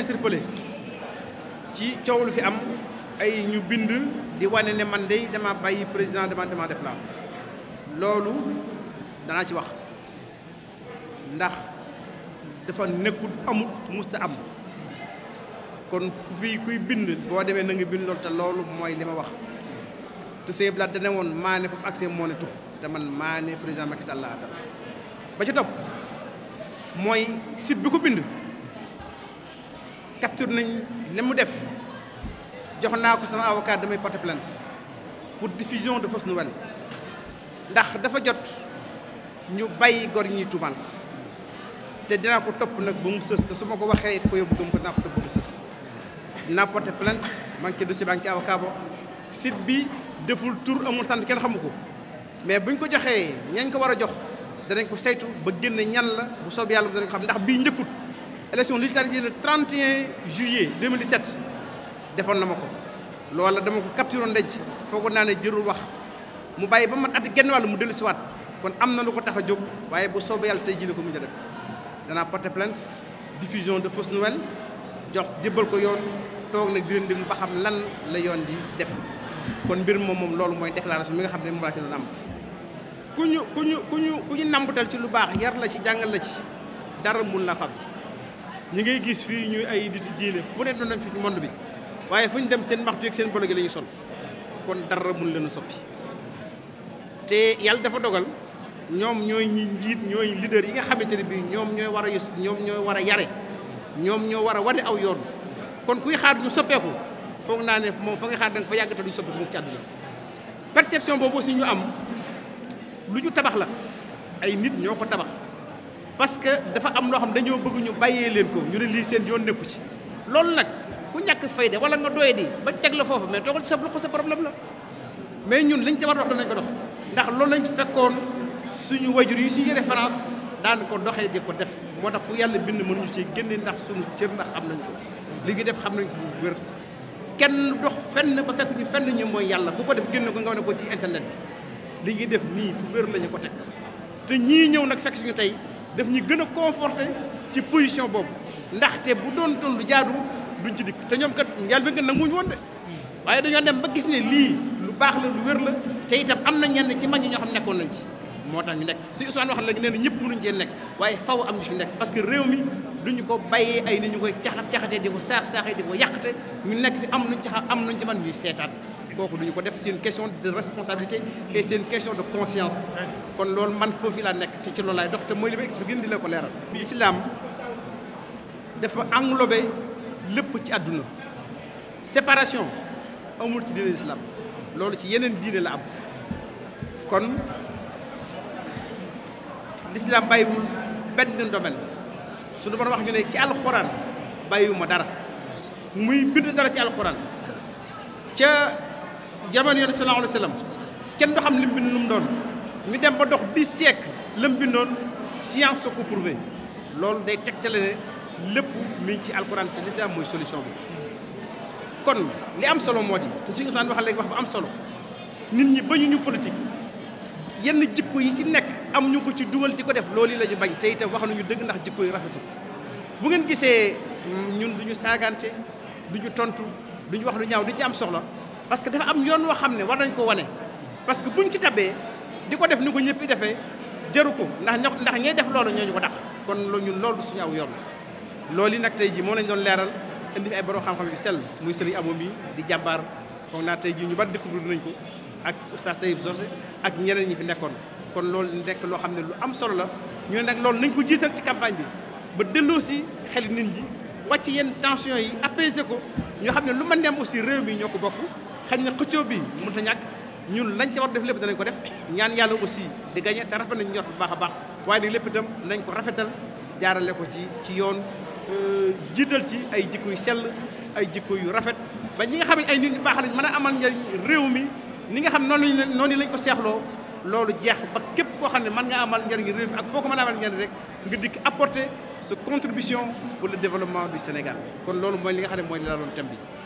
interpellé ci coow lu fi am ay ñu bind di wane ne man de dama bàyyi président dama dama def laa loolu danaa ci wax ndax dafa nekkul amut musta am kon ku fi kuy bind boo demee na nga bind loolu te loolu mooy li ma wax te sëñ Blaat dana woon maa ne foofu accès moo ne tux te man maa président Macky Sall laa ba ci topp mooy site bi ko bind capture nañ li mu def jox naa ko sama avocat damay porter plainte pour diffusion de fausse nouvelle ndax dafa jot ñu bàyyi gor ñi tuumaan te dinaa ko topp nag ba mu sës te su ma ko waxee ko yóbbu gëm ko dinaa ko topp ba mu sës dinaa porter plainte maa ci dossier baa ngi bi deful tur amul sant kenn xamu ko mais buñ ko joxee ñañ ko war a jox danañ ko saytu ba génne ñan la bu soob yàlla danañ ko xam ndax bii njëkkut élection législative le 31 juillet 2017 defoon na ma ko loola dama ko capturé woon denc foogoon naa ne jërul wax mu bàyyi ba ma at genn wàll mu dellu siwaat kon am na lu ko tax a jóg waaye bu soobee yàlla tey jii ko mujj a def danaa porter plainte diffusion de fausse nouvelle jox jébbal ko yoon toog nag di leen ba xam lan la yoon di def kon mbir moom moom loolu mooy déclaration mi nga xam ne moom laa ci doon am ku ñu ku ñu ku ñu ku ñu nambutal ci lu baax yar la ci jàngal la ci dara mun la fab ñi ngay gis fii ñu ay nit diine fu ne doon nañ fi monde bi waaye fu ñu dem seen maxtu yeeg seen bolo gi la sol kon dara mun leen a soppi te yàlla dafa dogal ñoom ñooy ñi njiit ñooy leader yi nga xamante ne bii ñoom ñooy war a yus ñoom ñooy war a yare ñoom ñoo war a wane aw yoon kon kuy xaar ñu soppeeku foog naa ne moom fa nga xaar da nga fa yàgg te duñ soppeeku moom ci àdduna perception boobu si ñu am lu ñu tabax la ay nit ñoo ko tabax parce que dafa am loo xam dañoo bëgg ñu bàyyee leen ko ñu leen lii seen yoon nekku ci loolu nag ku ñàkk fayda wala nga doye di ba teg la foofu mais toogal ci sa ko sa problème la mais ñun liñ ci a dox danañ ko dox ndax loolu lañ fekkoon suñu wajur yi suñu référence daan ko doxee di ko def moo tax ku yàlla bind mënuñu ci génne ndax suñu cër la xam nañ ko li ñu def xam nañ ko bu wér kenn dox fenn ba fekk ñu fenn ñu mooy yàlla ku ko def génne ko nga wane ko ci internet bi li ñuy def nii fu wér la ko teg te ñii ñëw nag fekk suñu tey daf ñu gën a conforté ci position boobu ndaxte bu doon tontu jaadu duñ ci dikk te ñoom kat yàlla na nga nanguñu woon de waaye dañoo dem ba gis ne lii lu baax la lu wér la tey tam am na ñenn ci mag ñi ñoo xam nekkoon nañ ci moo tax ñu nekk si Ousmane wax léegi nee na ñëpp mënuñ cee nekk waaye faw am ñu ci nekk parce que réew mi duñu ko bàyyee ay nit ñu koy caxat caxatee di ko saax saaxee di ko yàqate ñu nekk fi am nuñ ci am nuñ ci man ñuy seetaat kooku duñu ko def seen question de responsabilité et seen une question de conscience kon loolu man foofu laa nekk te ci loolu laay dox te mooy li ma expliqué di la ko leeral l'islam dafa englobé lépp ci àdduna séparation amul ci diine l'islam loolu ci yeneen diine la am kon l'islam bàyyiwul benn domaine su doon wax ñu ne ci alxuraan bàyyiwuma dara muy bind dara ci alxuraan ca jamono yonent sallallahu alayhi wa sallam kenn du xam lim bind lu mu doon ñu dem ba dox dix siècle lim bindoon science soo ko prouvé loolu day tegtale ne lépp mi ci alxuraan te lislaam mooy solution bi. kon li am solo moo di te suñu Ousmane wax léegi wax bu am solo nit ñi bañu ñu politique yenn jikko yi ci nekk am ñu ko ci dugal di ko def loolu la ñu bañ te itam wax ñu dëgg ndax jikko yi rafetul bu ngeen gisee ñun du ñu saagante du tontu du wax lu ñaaw di ci am soxla. parce que dafa am yoon woo xam ne war nañ koo wane parce que bu buñ ci tabee di ko def ni ko ñëpp defee jëru ko ndax ñoo ndax ñey def loolu ñu ko tax kon loolu ñun loolu du suñu aw yoon loolu yi nag tey jii moo lañ doon leeral indi ay borom xam yu sell muy sëriñ amo bi di jàmbaar naa tey jii ñu bari découvrir nañ ko ak oustaz Taïb Socé ak ñeneen ñi fi nekkoon kon loolu nekk loo xam ne lu am solo la ñu ne loolu nañ ko jiital ci campagne bi ba delloo si xel nit ñi wàcc yenn tension yi apaiser ko ñu xam ne lu man neem aussi réew mi ñoo ko bokk xañ na xëccoo bi mun a ñàkk ñun lañ ca war def lépp danañ ko def ñaan yàlla aussi di gagné te rafet nañ ñor bu baax a baax waaye nag lépp tam nañ ko rafetal jaarale ko ci ci yoon euh, jiital ci ay jikko yu sell ay jikko yu rafet ba ñi nga xam ne ay nit ñu baax lañ mën a amal njariñ réew mi ni nga xam noonu lañ noonu lañ ko seexloo loolu jeex ba képp koo xam ne mën nga amal njariñ réew mi ak foo ko mën a amal njariñ rek nga dikk apporter sa contribution pour le développement du Sénégal kon loolu mooy li nga xam ne mooy la doon thème bi